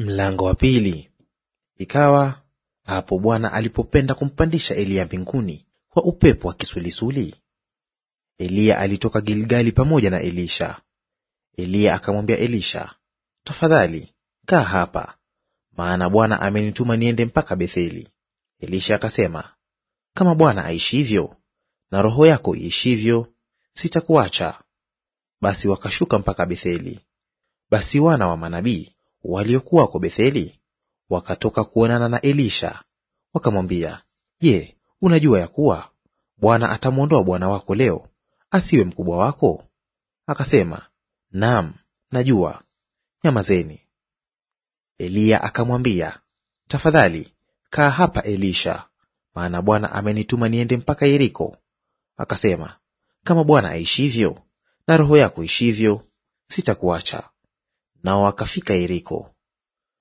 Mlango wa pili. Ikawa hapo Bwana alipopenda kumpandisha Eliya mbinguni kwa upepo wa kisulisuli, Eliya alitoka Gilgali pamoja na Elisha. Eliya akamwambia Elisha, tafadhali kaa hapa, maana Bwana amenituma niende mpaka Betheli. Elisha akasema, kama Bwana aishivyo na roho yako iishivyo, sitakuacha. Basi wakashuka mpaka Betheli. Basi wana wa manabii waliokuwa wako Betheli wakatoka kuonana na Elisha, wakamwambia, Je, unajua ya kuwa Bwana atamwondoa bwana wako leo asiwe mkubwa wako? Akasema, naam, najua. Nyamazeni. Eliya akamwambia, tafadhali kaa hapa Elisha, maana Bwana amenituma niende mpaka Yeriko. Akasema, kama Bwana aishivyo na roho yako ishivyo, sitakuacha nao wakafika Yeriko.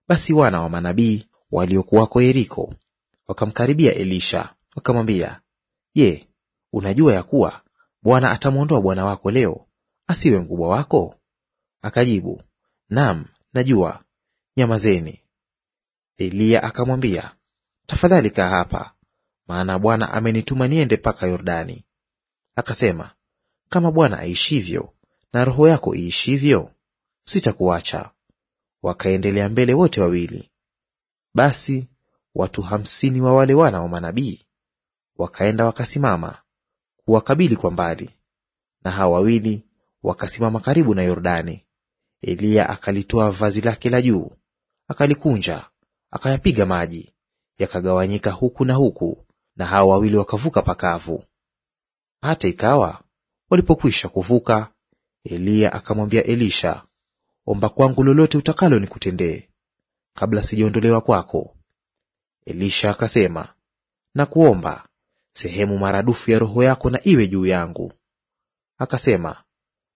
Basi wana wa manabii waliokuwako Yeriko wakamkaribia Elisha wakamwambia, Je, unajua ya kuwa Bwana atamwondoa bwana wako leo asiwe mkubwa wako? Akajibu, Naam, najua, nyamazeni. Eliya akamwambia, tafadhali kaa hapa, maana Bwana amenituma niende mpaka Yordani. Akasema, kama Bwana aishivyo na roho yako iishivyo, sitakuacha. Wakaendelea mbele wote wawili. Basi watu hamsini wa wale wana wa manabii wakaenda wakasimama kuwakabili kwa mbali, na hawa wawili wakasimama karibu na Yordani. Eliya akalitoa vazi lake la juu, akalikunja, akayapiga maji, yakagawanyika huku na huku, na hawa wawili wakavuka pakavu. Hata ikawa walipokwisha kuvuka, Eliya akamwambia Elisha, omba kwangu lolote utakalo nikutendee, kabla sijaondolewa kwako. Elisha akasema, nakuomba sehemu maradufu ya roho yako na iwe juu yangu. Akasema,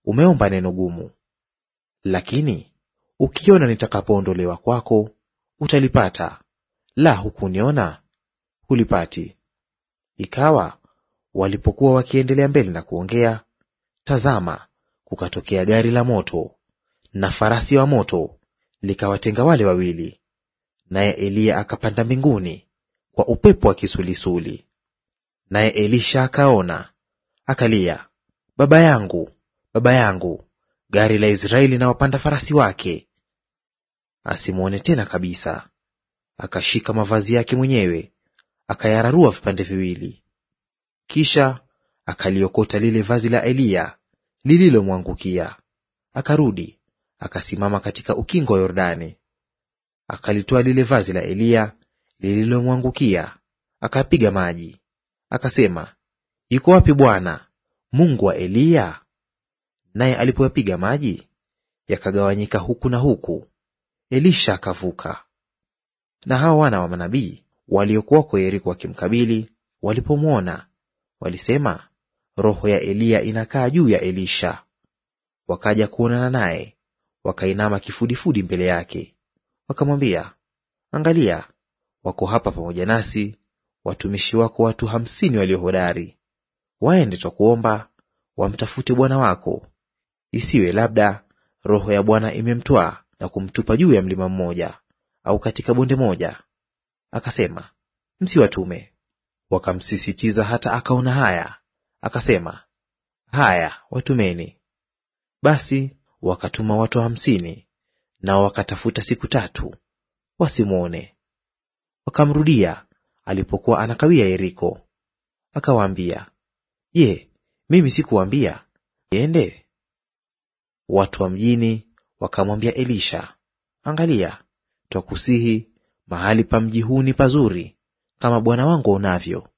umeomba neno gumu, lakini ukiona nitakapoondolewa kwako utalipata; la hukuniona, hulipati. Ikawa walipokuwa wakiendelea mbele na kuongea, tazama, kukatokea gari la moto na farasi wa moto, likawatenga wale wawili. Naye Eliya akapanda mbinguni kwa upepo wa kisulisuli. Naye Elisha akaona, akalia, Baba yangu, baba yangu, gari la Israeli na wapanda farasi wake. Asimwone tena kabisa. Akashika mavazi yake mwenyewe akayararua vipande viwili, kisha akaliokota lile vazi la Eliya lililomwangukia, akarudi akasimama katika ukingo wa Yordani, akalitoa lile vazi la Eliya lililomwangukia, akapiga maji, akasema, yuko wapi Bwana Mungu wa Eliya? Naye alipoyapiga maji yakagawanyika huku na huku, Elisha akavuka. Na hao wana wa manabii waliokuwako Yeriko wakimkabili, walipomwona walisema, roho ya Eliya inakaa juu ya Elisha. Wakaja kuonana naye, wakainama kifudifudi mbele yake. Wakamwambia, angalia, wako hapa pamoja nasi watumishi wako watu hamsini waliohodari. Waende twa kuomba wamtafute bwana wako, isiwe labda roho ya Bwana imemtwaa na kumtupa juu ya mlima mmoja au katika bonde moja. Akasema, msiwatume. Wakamsisitiza hata akaona haya, akasema, haya watumeni. Basi wakatuma watu hamsini, nao wakatafuta siku tatu wasimwone. Wakamrudia alipokuwa anakawia Yeriko. Akawaambia, Je, mimi sikuwaambia iende? Watu wa mjini wakamwambia Elisha, Angalia, twakusihi mahali pa mji huu ni pazuri, kama bwana wangu unavyo,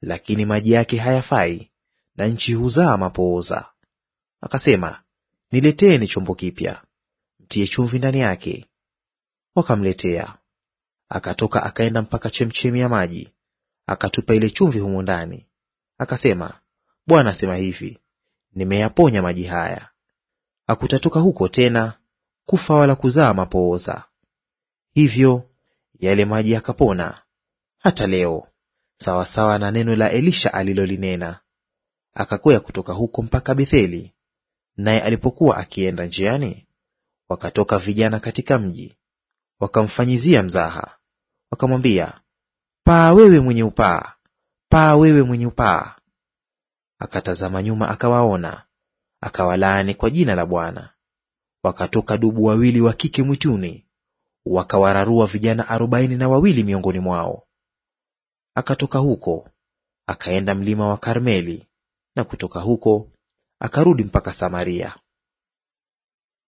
lakini maji yake hayafai, na nchi huzaa mapooza. Akasema, nileteeni chombo kipya, mtie chumvi ndani yake. Wakamletea. Akatoka akaenda mpaka chemchemi ya maji, akatupa ile chumvi humo ndani, akasema, Bwana asema hivi, nimeyaponya maji haya, hakutatoka huko tena kufa wala kuzaa mapooza. Hivyo yale maji yakapona hata leo, sawasawa na neno la Elisha alilolinena. Akakwea kutoka huko mpaka Betheli, Naye alipokuwa akienda njiani, wakatoka vijana katika mji, wakamfanyizia mzaha, wakamwambia, Paa wewe mwenye upaa, paa wewe mwenye upaa. Akatazama nyuma, akawaona, akawalaani kwa jina la Bwana. Wakatoka dubu wawili wa kike mwituni, wakawararua vijana arobaini na wawili miongoni mwao. Akatoka huko akaenda mlima wa Karmeli, na kutoka huko akarudi mpaka Samaria.